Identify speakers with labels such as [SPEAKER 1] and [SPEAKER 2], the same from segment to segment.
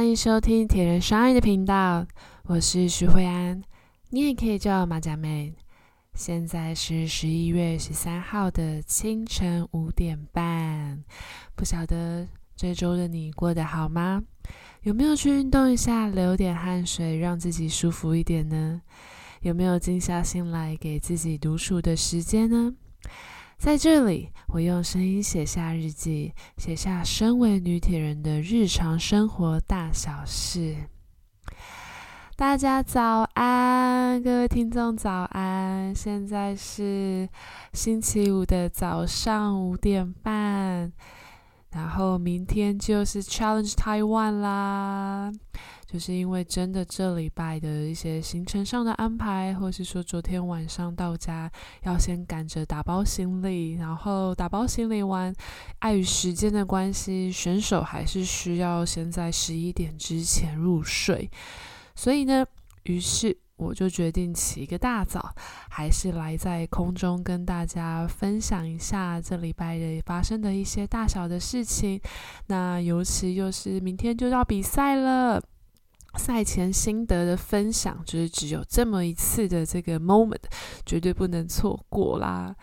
[SPEAKER 1] 歡迎收聽鐵人 Shine 的頻道，我是徐慧安，你也可以叫我馬甲妹。現在是十一月十三號的清晨五點半，不曉得這周的你過得好嗎？有沒有去運動一下，流點汗水，讓自己舒服一點呢？有沒有靜下心來給自己獨處的時間呢？在這裡，我用聲音寫下日記，寫下身為女鐵人的日常生活大小事。大家早安，各位聽眾早安，現在是星期五的早上五點半。然後明天就是 Challenge Taiwan 啦，就是因為真的這禮拜的一些行程上的安排，或是說昨天晚上到家要先趕着打包行李，然後打包行李完，礙於時間的關係，選手還是需要先在十一點之前入睡，所以呢，於是。我就決定起一個大早，還是來在空中跟大家分享一下這禮拜日發生的一些大小的事情。那尤其又是明天就要比賽了，賽前心得的分享就是只有這麼一次的這個 moment，絕對不能錯過啦。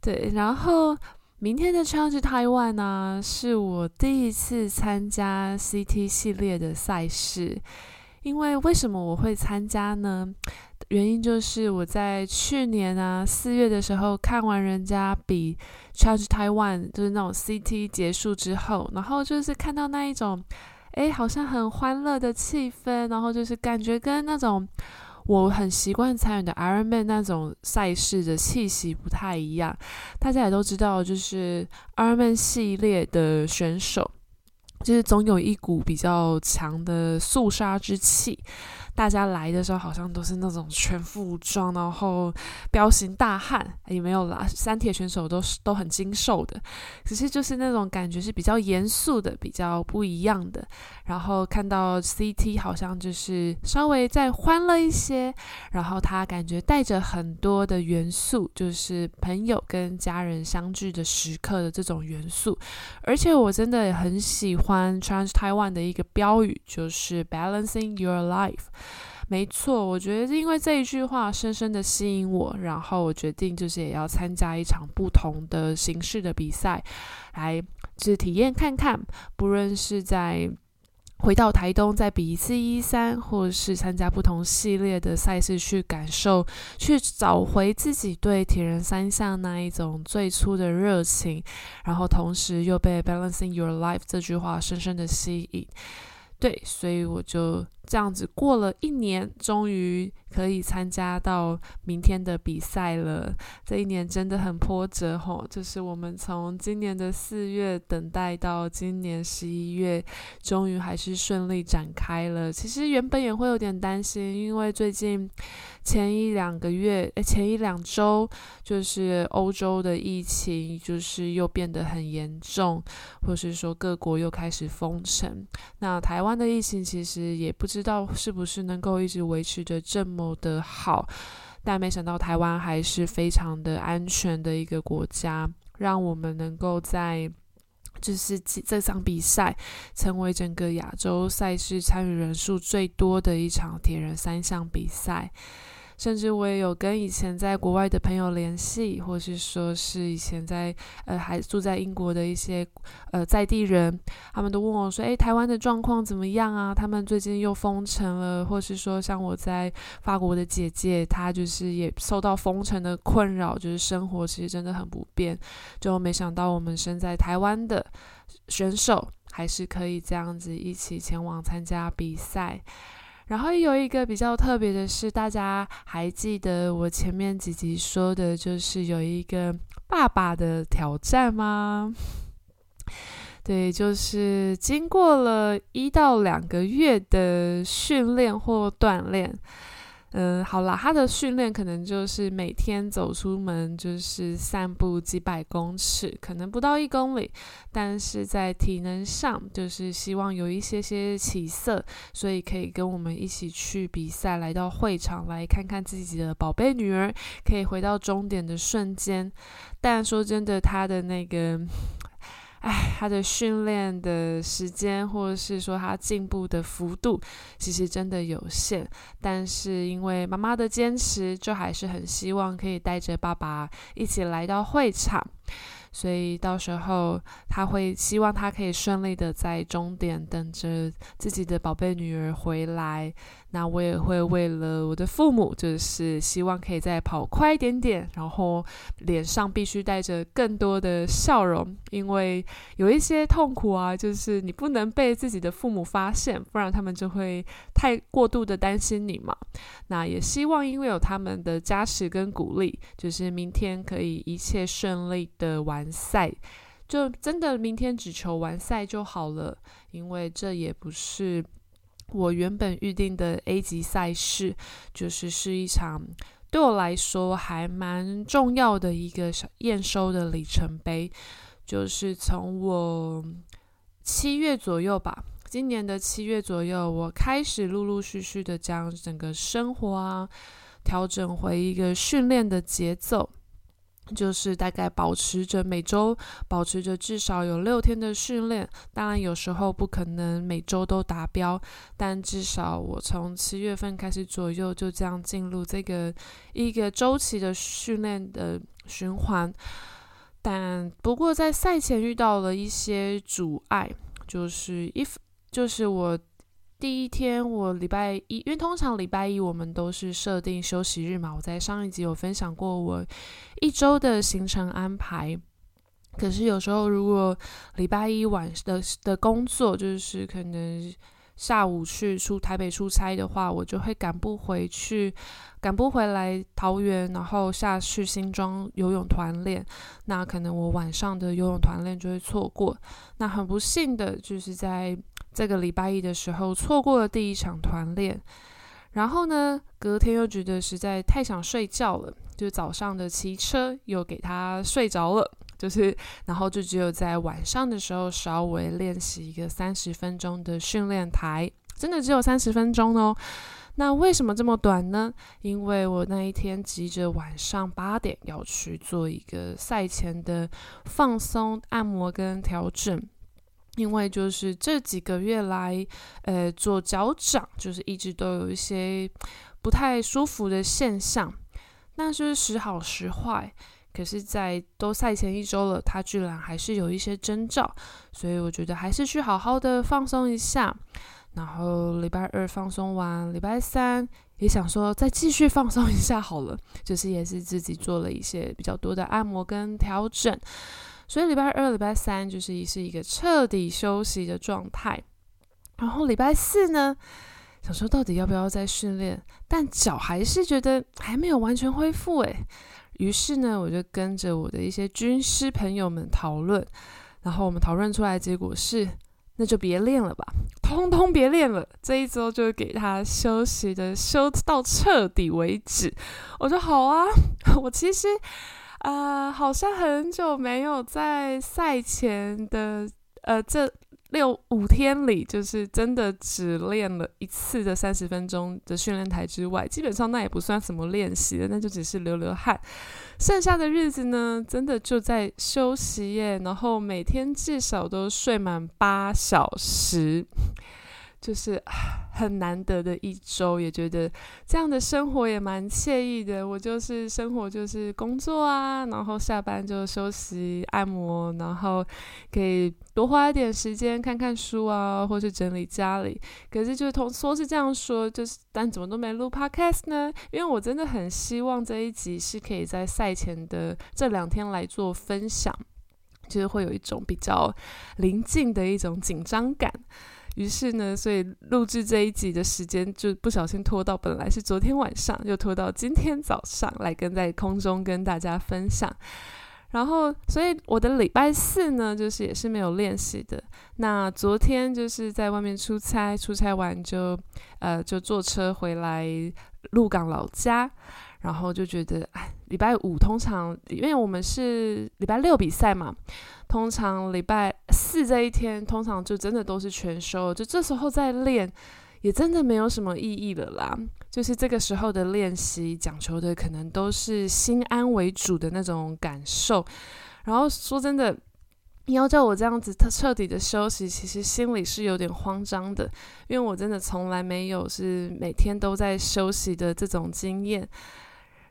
[SPEAKER 1] 對，然後明天的 Challenge Taiwan 呢，是我第一次參加 CT 系列的賽事。因為，為什麼我會參加呢？原因就是我在去年啊四月的時候看完人家比 Challenge Taiwan 就是那種 CT 結束之後，然後就是看到那一種，哎，好像很歡樂的氣氛，然後就是感覺跟那種我很習慣參與的 Ironman 那種賽事的氣息不太一樣。大家也都知道，就是 Ironman 系列的選手。就是總有一股比較強的肅殺之氣。大家來的時候好像都是那種全副武裝，然後彪形大漢也、哎、沒有啦。三鐵選手都是都很精瘦的，只是就是那種感覺是比較嚴肅的，比較不一樣的。然後看到 CT 好像就是稍微再歡樂一些，然後他感覺帶着很多的元素，就是朋友跟家人相聚的時刻的這種元素。而且我真的很喜歡 Trans Taiwan 的一個標語，就是 Balancing Your Life。沒錯，我覺得因為這一句話深深的吸引我，然後我決定就是也要參加一場不同的形式的比賽，來就是體驗看看，不論是在回到台東再比一次一三，或者是參加不同系列的賽事去感受，去找回自己對鐵人三項那一種最初的熱情，然後同時又被 balancing your life 這句話深深的吸引，對，所以我就。這樣子過了一年，終於可以參加到明天的比賽了。這一年真的很波折吼，就是我們從今年的四月等待到今年十一月，終於還是順利展開了。其實原本也會有點擔心，因為最近前一兩個月，哎、欸，前一兩周就是歐洲的疫情就是又變得很嚴重，或是說各國又開始封城。那台灣的疫情其實也不，知道是不是能夠一直維持着這麼的好，但沒想到台灣還是非常的安全的一個國家，讓我們能夠在就是這場比賽成為整個亞洲賽事參與人數最多的一場鐵人三項比賽。甚至我也有跟以前在國外的朋友聯繫，或是說是以前在呃還住在英國的一些呃在地人，他們都問我說：“誒，台灣的狀況怎麼樣啊？他們最近又封城了，或是說像我在法國的姐姐，她就是也受到封城的困擾，就是生活其實真的很不便。就沒想到我們身在台灣的選手，還是可以這樣子一起前往參加比賽。”然後有一個比較特別的是，大家還記得我前面幾集說的，就是有一個爸爸的挑戰嗎？對，就是經過了一到兩個月的訓練或鍛鍊。嗯，好了，他的訓練可能就是每天走出門就是散步幾百公尺，可能不到一公里，但是在體能上就是希望有一些些起色，所以可以跟我們一起去比賽，來到會場來看看自己的寶貝女兒可以回到終點的瞬間。但說真的，他的那個。唉，他的訓練的時間，或者是說他進步的幅度，其實真的有限。但是因為媽媽的堅持，就還是很希望可以帶着爸爸一起來到會場。所以到時候他會希望他可以順利的在終點等着自己的寶貝女兒回來。那我也會為了我的父母，就是希望可以再跑快一點點，然後臉上必須帶着更多的笑容，因為有一些痛苦啊，就是你不能被自己的父母發現，不然他們就會太過度的擔心你嘛。那也希望因為有他們的加持跟鼓勵，就是明天可以一切順利的完賽就真的明天只求完賽就好了，因為這也不是我原本預定的 A 級賽事，就是是一場對我來說還蠻重要的一個驗收的里程碑。就是從我七月左右吧，今年的七月左右，我開始陸陸續續的將整個生活啊調整回一個訓練的節奏。就是大概保持着每周保持着至少有六天的訓練，當然有時候不可能每周都達標，但至少我從七月份開始左右就這樣進入這個一個周期的訓練的循環。但不過在賽前遇到了一些阻礙，就是一，就是我。第一天我禮拜一，因為通常禮拜一我們都是設定休息日嘛。我在上一集有分享過我一周的行程安排，可是有時候如果禮拜一晚上的的工作就是可能。下午去出台北出差的話，我就會趕不回去，趕不回來桃園，然後下去新莊游泳團練。那可能我晚上的游泳團練就會錯過。那很不幸的就是在這個禮拜一的時候錯過了第一場團練，然後呢，隔天又覺得實在太想睡覺了，就早上的騎車又給他睡着了。就是，然後就只有在晚上的時候稍微練習一個三十分鐘的訓練台，真的只有三十分鐘哦。那為什麼這麼短呢？因為我那一天急着晚上八點要去做一個賽前的放鬆按摩跟調整，因為就是這幾個月來，呃，左腳掌就是一直都有一些不太舒服的現象，那就是時好時壞。可是，在都賽前一週了，他居然還是有一些徵兆，所以我覺得還是去好好的放鬆一下。然後禮拜二放鬆完，禮拜三也想說再繼續放鬆一下好了，就是也是自己做了一些比較多的按摩跟調整。所以禮拜二、禮拜三就是也是一個徹底休息的狀態。然後禮拜四呢，想說到底要不要再訓練，但腳還是覺得還沒有完全恢復、欸，誒。於是呢，我就跟着我的一些軍師朋友們討論，然後我們討論出來結果是，那就別練了吧，通通別練了，這一周就給他休息，的休到徹底為止。我說好啊，我其實啊，呃，好像很久沒有在賽前的呃這。六五天裡，就是真的只練了一次的三十分鐘的訓練台之外，基本上那也不算什麼練習，那就只是流流汗。剩下的日子呢，真的就在休息耶，然後每天至少都睡滿八小時，就是、啊、很難得的一周，也覺得這樣的生活也蠻愜意的。我就是生活就是工作啊，然後下班就休息、按摩，然後可以多花一點時間看看書啊，或是整理家裡。可是就是通說是這樣說，就是但怎麼都沒錄 Podcast 呢？因為我真的很希望這一集是可以在賽前的這兩天來做分享，就是會有一種比較臨近的一種緊張感。於是呢，所以錄制這一集的時間就不小心拖到，本來是昨天晚上，又拖到今天早上來跟在空中跟大家分享。然後，所以我的禮拜四呢，就是也是沒有練習的。那昨天就是在外面出差，出差完就呃，就坐車回來鹿港老家，然後就覺得哎。唉禮拜五通常，因為我們是禮拜六比賽嘛，通常禮拜四這一天，通常就真的都是全休，就這時候再練，也真的沒有什麼意義了啦。就是這個時候的練習，講求的可能都是心安為主的那種感受。然後說真的，你要叫我這樣子，徹底的休息，其實心裡是有點慌張的，因為我真的從來沒有是每天都在休息的這種經驗。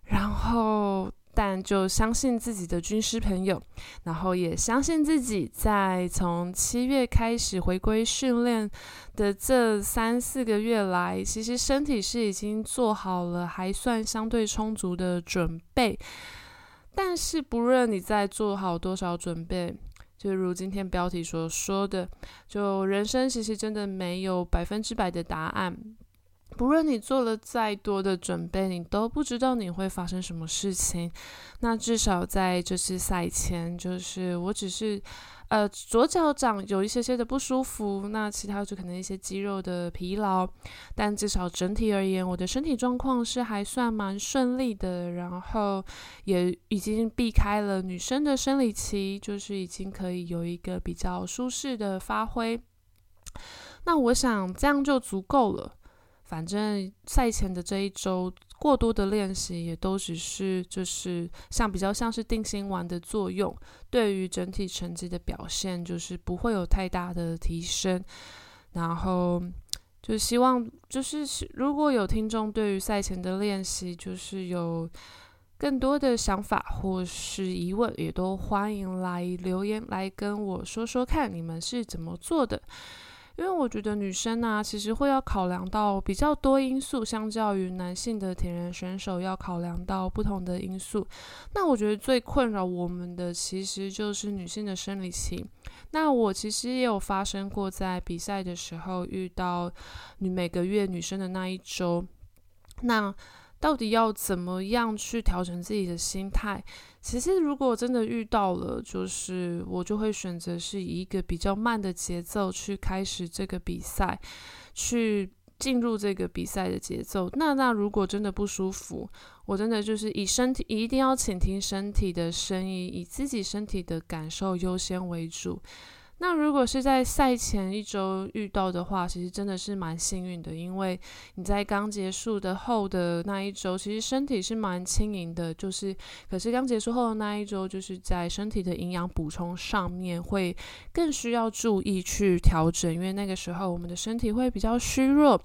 [SPEAKER 1] 然後，但就相信自己的軍師朋友，然後也相信自己。在從七月開始回歸訓練的這三四個月來，其實身體是已經做好了還算相對充足的準備。但是，不論你再做好多少準備，就如今天標題所說的，就人生其實真的沒有百分之百的答案。不論你做了再多的準備，你都不知道你會發生什麼事情。那至少在這次賽前，就是我只是，呃，左腳掌有一些些的不舒服，那其他就可能一些肌肉的疲勞。但至少整體而言，我的身體狀況是還算蠻順利的，然後也已經避開了女生的生理期，就是已經可以有一個比較舒適的發揮。那我想這樣就足夠了。反正賽前的這一周，過多的練習也都只是，就是像比較像是定心丸的作用，對於整體成績的表現，就是不會有太大的提升。然後就希望就是，如果有聽眾對於賽前的練習就是有更多的想法或是疑問，也都歡迎來留言來跟我說說看你們是怎麼做的。因為我覺得女生呢、啊，其實會要考量到比較多因素，相較於男性的鐵人選手，要考量到不同的因素。那我覺得最困擾我們的，其實就是女性的生理期。那我其實也有發生過，在比賽的時候遇到女每個月女生的那一周，那。到底要怎麼樣去調整自己的心態？其實如果真的遇到了，就是我就會選擇是以一個比較慢的節奏去開始這個比賽，去進入這個比賽的節奏。那那如果真的不舒服，我真的就是以身體以一定要傾聽身體的聲音，以自己身體的感受優先為主。那如果是在賽前一周遇到的話，其實真的是蠻幸運的，因為你在剛結束的後的那一周，其實身體是蠻輕盈的。就是，可是剛結束後的那一周，就是在身體的營養補充上面會更需要注意去調整，因為那個時候我們的身體會比較虛弱，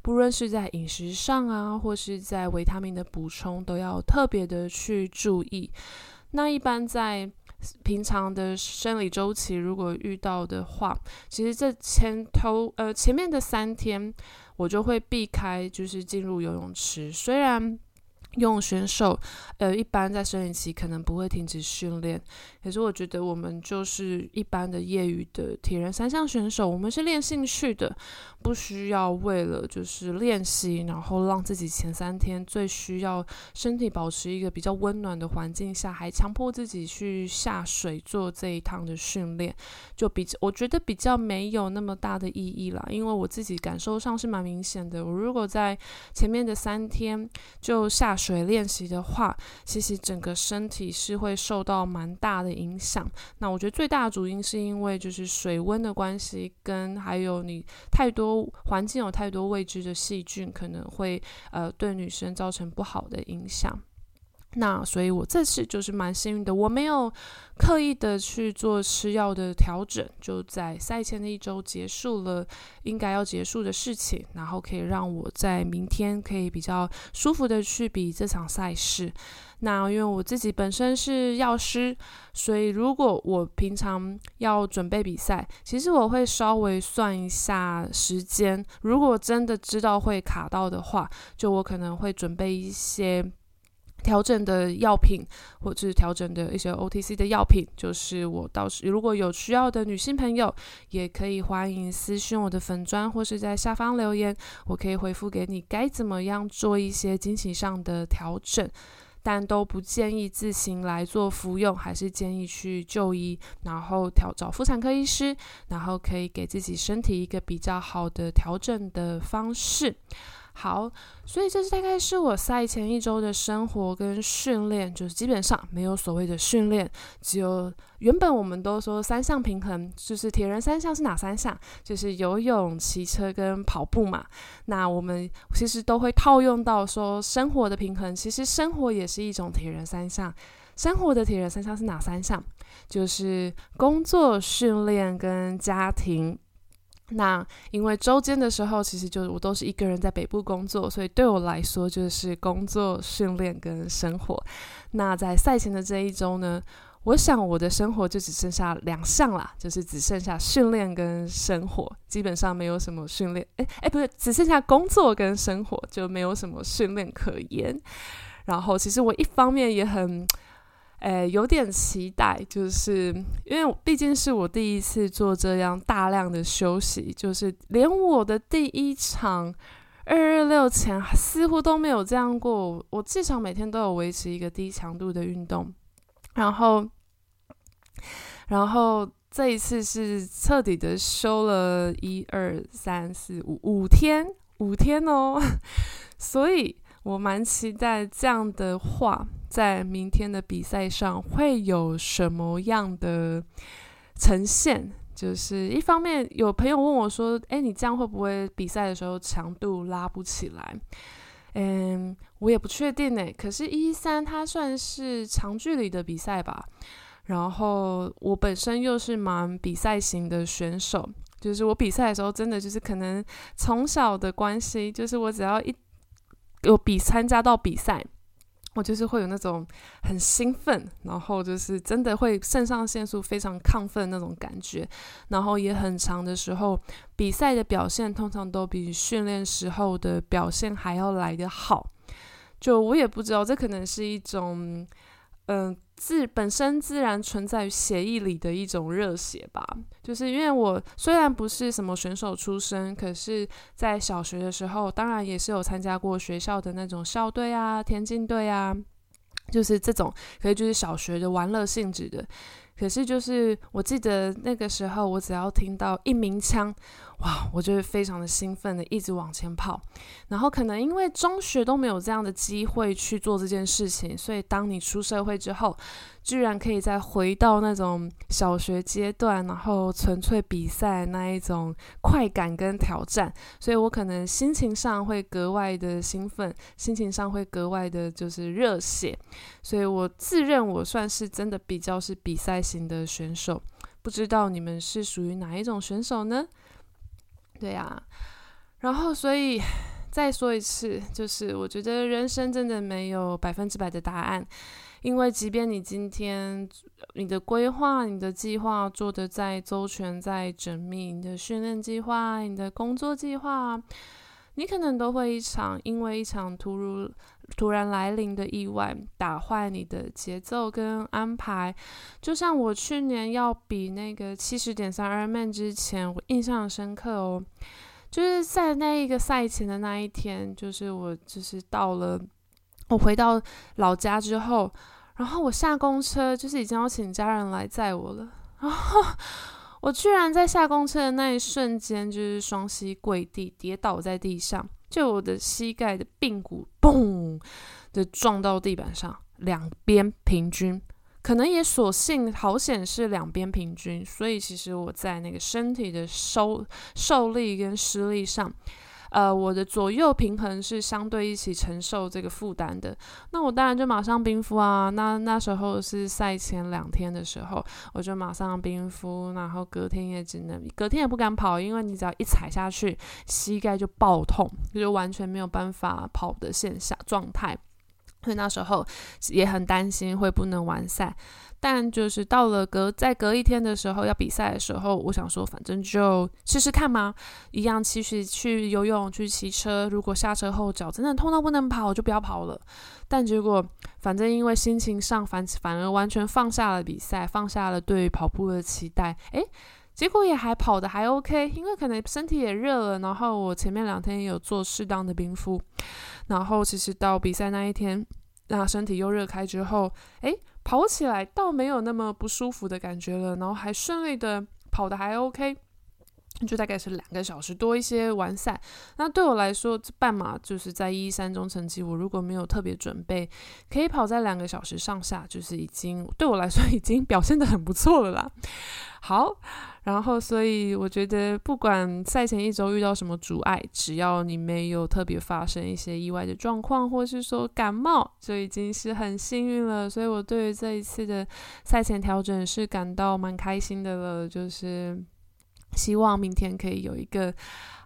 [SPEAKER 1] 不論是在飲食上啊，或是在維他命的補充，都要特別的去注意。那一般在平常的生理週期如果遇到的話，其實這前頭，呃，前面的三天我就會避開，就是進入游泳池，雖然。用選手，呃，一般在生理期可能不會停止訓練。可是我覺得我們就是一般的業餘的鐵人三項選手，我們是練興趣的，不需要為了就是練習，然後讓自己前三天最需要身體保持一個比較溫暖的環境下，還強迫自己去下水做這一趟的訓練，就比我覺得比較沒有那麼大的意義啦。因為我自己感受上是蠻明顯的，我如果在前面的三天就下水。水練習的話，其實整個身體是會受到蠻大的影響。那我覺得最大的主因是因為就是水溫的關係，跟還有你太多環境有太多未知的細菌，可能會呃對女生造成不好的影響。那所以我這次就是蠻幸運的，我沒有刻意的去做吃藥的調整，就在賽前的一周結束了應該要結束的事情，然後可以讓我在明天可以比較舒服的去比這場賽事。那因為我自己本身是藥師，所以如果我平常要準備比賽，其實我會稍微算一下時間。如果真的知道會卡到的話，就我可能會準備一些。調整的藥品，或者調整的一些 OTC 的藥品，就是我到時如果有需要的女性朋友，也可以歡迎私訊我的粉專，或是在下方留言，我可以回復給你該怎麼樣做一些經期上的調整，但都不建議自行來做服用，還是建議去就醫，然後找婦產科醫師，然後可以給自己身體一個比較好的調整的方式。好，所以這是大概是我賽前一周的生活跟訓練，就是基本上沒有所謂的訓練，只有原本我們都說三項平衡，就是鐵人三項是哪三項？就是游泳、騎車跟跑步嘛。那我們其實都會套用到說生活的平衡，其實生活也是一種鐵人三項。生活的鐵人三項是哪三項？就是工作、訓練跟家庭。那因為週間的時候，其實就是我都是一個人在北部工作，所以對我來說就是工作、訓練跟生活。那在賽前的這一周呢，我想我的生活就只剩下兩項啦，就是只剩下訓練跟生活，基本上沒有什麼訓練。誒，誒，不是，只剩下工作跟生活，就沒有什麼訓練可言。然後，其實我一方面也很。哎，有點期待，就是因為畢竟是我第一次做這樣大量的休息，就是連我的第一場二二六前似乎都沒有這樣過。我，我至少每天都有維持一個低強度的運動，然後，然後這一次是徹底的休了一二三四五五天，五天哦，所以我蠻期待這樣的話。在明天的比賽上會有什麼樣的呈現？就是一方面有朋友問我說：“哎，你這樣會不會比賽的時候強度拉不起來？”嗯，我也不確定呢。可是，一三它算是長距離的比賽吧。然後我本身又是蠻比賽型的選手，就是我比賽的時候真的就是可能從小的關係，就是我只要一有比參加到比賽。我就是會有那種很興奮，然後就是真的會腎上腺素非常亢奮那種感覺，然後也很長的時候，比賽的表現通常都比訓練時候的表現還要來得好，就我也不知道，這可能是一種，嗯、呃。自本身自然存在於血液裡的一種熱血吧，就是因為我雖然不是什麼選手出身，可是在小學的時候，當然也是有參加過學校的那種校隊啊、田徑隊啊，就是這種，可以就是小學的玩樂性質的。可是就是我記得那個時候，我只要聽到一鳴槍。哇，我就是非常的興奮的，一直往前跑。然後可能因為中學都沒有這樣的機會去做這件事情，所以當你出社會之後，居然可以再回到那種小學階段，然後純粹比賽那一種快感跟挑戰，所以我可能心情上會格外的興奮，心情上會格外的就是熱血。所以我自認我算是真的比較是比賽型的選手，不知道你們是屬於哪一種選手呢？對呀、啊，然後所以再說一次，就是我覺得人生真的沒有百分之百的答案，因為即便你今天你的規劃、你的計劃做得再周全、再縝密，你的訓練計劃、你的工作計劃，你可能都會一場，因為一場突如。突然來臨的意外打壞你的節奏跟安排，就像我去年要比那個70.3 Ironman 之前，我印象很深刻哦，就是在那一個賽前的那一天，就是我就是到了，我回到老家之後，然後我下公車，就是已經要請家人來載我了，然後我居然在下公車的那一瞬間，就是雙膝跪地，跌倒在地上。就我的膝蓋的髕骨，嘣的撞到地板上，兩邊平均，可能也所幸好險是兩邊平均，所以其實我在那個身體的收受力跟施力上。呃，我的左右平衡是相對一起承受這個負擔的，那我當然就馬上冰敷啊。那那時候是賽前兩天的時候，我就馬上冰敷，然後隔天也只能隔天也不敢跑，因為你只要一踩下去，膝蓋就爆痛，就完全沒有辦法跑的現象狀態。所以那時候也很擔心會不能完賽。但就是到了隔再隔一天的時候要比賽的時候，我想說反正就試試看嘛，一樣其實去游泳去騎車，如果下車後腳真的痛到不能跑，就不要跑了。但結果反正因為心情上反反而完全放下了比賽，放下了對跑步的期待，哎、欸，結果也還跑得還 OK，因為可能身體也熱了，然後我前面兩天也有做適當的冰敷，然後其實到比賽那一天，那身體又熱開之後，哎、欸。跑起來倒沒有那麼不舒服的感覺了，然後還順利的跑得還 OK，就大概是兩個小時多一些完賽。那對我來說，這半馬就是在一三中成績，我如果沒有特別準備，可以跑在兩個小時上下，就是已經對我來說已經表現得很不錯了啦。好。然後，所以我覺得，不管賽前一周遇到什麼阻礙，只要你沒有特別發生一些意外的狀況，或是說感冒，就已經是很幸運了。所以我對於這一次的賽前調整是感到蠻開心的了，就是。希望明天可以有一個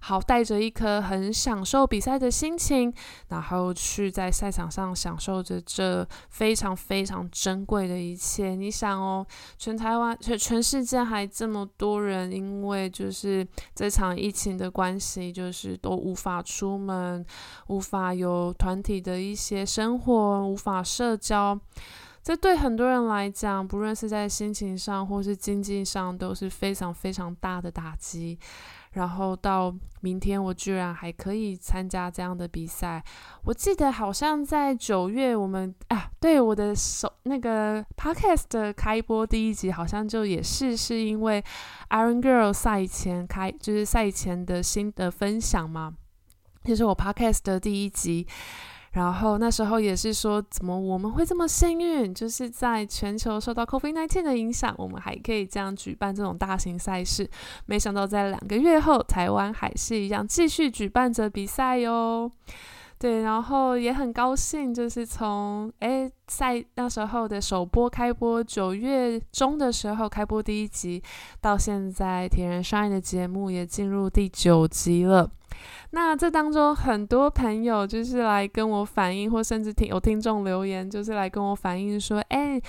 [SPEAKER 1] 好，帶着一顆很享受比賽的心情，然後去在賽場上享受着這非常非常珍貴的一切。你想哦，全台灣、全、全世界還這麼多人，因為就是這場疫情的關係，就是都無法出門，無法有團體的一些生活，無法社交。這對很多人來講，不論是在心情上或是經濟上，都是非常非常大的打擊。然後到明天，我居然還可以參加這樣的比賽。我記得好像在九月，我們啊，對我的手那個 podcast 的開播第一集，好像就也是是因為 Iron Girl 賽前開，就是賽前的新的分享嘛，就是我 podcast 的第一集。然後那時候也是說，怎麼我們會這麼幸運？就是在全球受到 COVID-19 的影響，我們還可以這樣舉辦這種大型賽事。沒想到在兩個月後，台灣還是一樣繼續舉辦着比賽喲、哦。對，然後也很高興，就是從哎賽那時候的首播開播，九月中的時候開播第一集，到現在鐵人 Shine 的節目也進入第九集了。那這當中，很多朋友就是來跟我反映，或甚至聽有聽眾留言，就是來跟我反映說：“哎，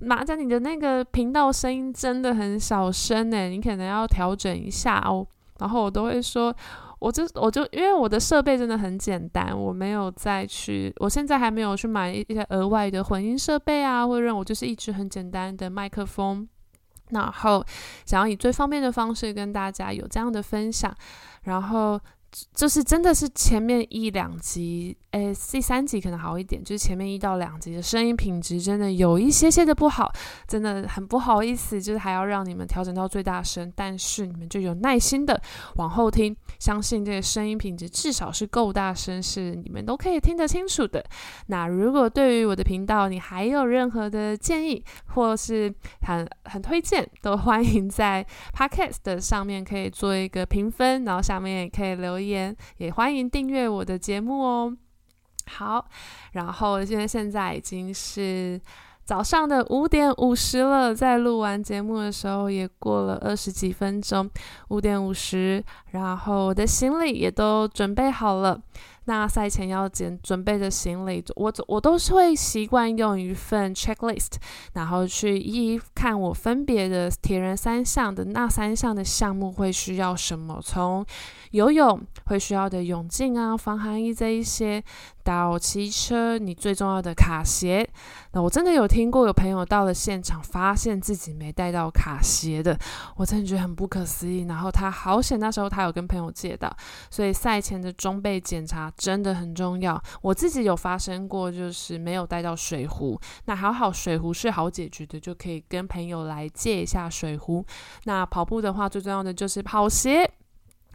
[SPEAKER 1] 馬甲，你的那個頻道聲音真的很小聲呢，你可能要調整一下哦。”然後我都會說：“我就我就因為我的設備真的很簡單，我沒有再去，我現在還沒有去買一些額外的混音設備啊，或者讓我就是一支很簡單的麥克風。然後想要以最方便的方式跟大家有這樣的分享，然後。”就是真的是前面一兩集，哎，第三集可能好一點。就是前面一到兩集的聲音品質真的有一些些的不好，真的很不好意思。就是還要讓你們調整到最大聲，但是你們就有耐心的往後聽，相信這個聲音品質至少是夠大聲，是你們都可以聽得清楚的。那如果對於我的頻道你還有任何的建議或是很很推薦，都歡迎在 Podcast 的上面可以做一個評分，然後下面也可以留。言也歡迎訂閱我的節目哦。好，然後現在現在已經是早上的五點五十了，在錄完節目的時候也過了二十幾分鐘，五點五十，然後我的行李也都準備好了。那賽前要檢準備的行李，我我都是會習慣用一份 checklist，然後去一一看我分別的鐵人三項的那三項的項目會需要什麼，從游泳會需要的泳鏡啊、防寒衣這一些。到騎車，你最重要的卡鞋。那我真的有聽過有朋友到了現場，發現自己沒帶到卡鞋的，我真的覺得很不可思議。然後他好險，那時候他有跟朋友借到。所以賽前的裝備檢查真的很重要。我自己有發生過，就是沒有帶到水壺。那還好，好，水壺是好解決的，就可以跟朋友來借一下水壺。那跑步的話，最重要的就是跑鞋、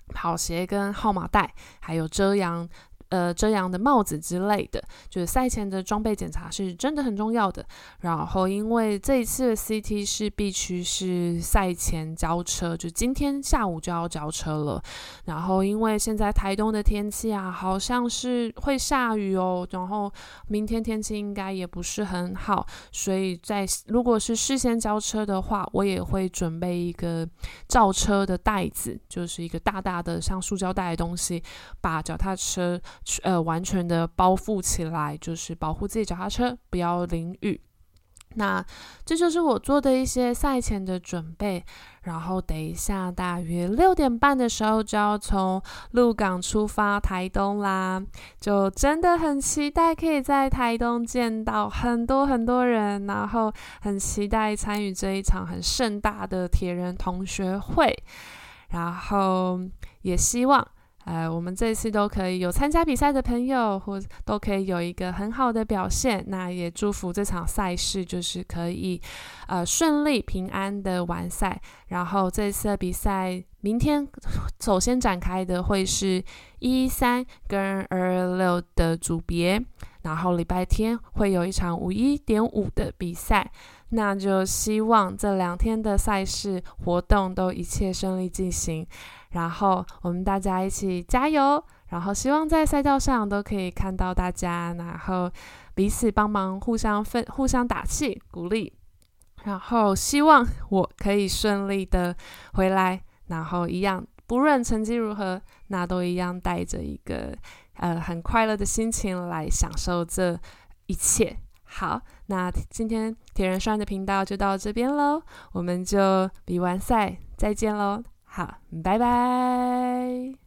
[SPEAKER 1] 跑鞋跟號碼帶，還有遮陽。呃，遮陽的帽子之類的，就是賽前的裝備檢查是真的很重要的。然後，因為這一次的 CT 是必須是賽前交車，就今天下午就要交車了。然後，因為現在台東的天氣啊，好像是會下雨哦。然後，明天天氣應該也不是很好，所以在如果是事先交車的話，我也會準備一個罩車的袋子，就是一個大大的像塑膠袋的東西，把腳踏車。去，呃，完全的包覆起來，就是保護自己腳踏車不要淋雨。那這就是我做的一些賽前的準備。然後等一下，大約六點半的時候就要從鹿港出發台東啦，就真的很期待可以在台東見到很多很多人，然後很期待參與這一場很盛大的鐵人同學會，然後也希望。呃，我們這次都可以有參加比賽的朋友，或都可以有一個很好的表現。那也祝福這場賽事就是可以呃順利平安的完賽。然後這次的比賽明天首先展開的會是一一三跟二二六的組別，然後禮拜天會有一場五一點五的比賽。那就希望這兩天的賽事活動都一切順利進行，然後我們大家一起加油，然後希望在賽道上都可以看到大家，然後彼此幫忙，互相分、互相打氣、鼓勵，然後希望我可以順利的回來，然後一樣，不論成績如何，那都一樣帶着一個呃很快樂的心情來享受這一切。好。那今天鐵人 Shine 的頻道就到這邊嘍，我們就比完賽再見嘍，好，拜拜。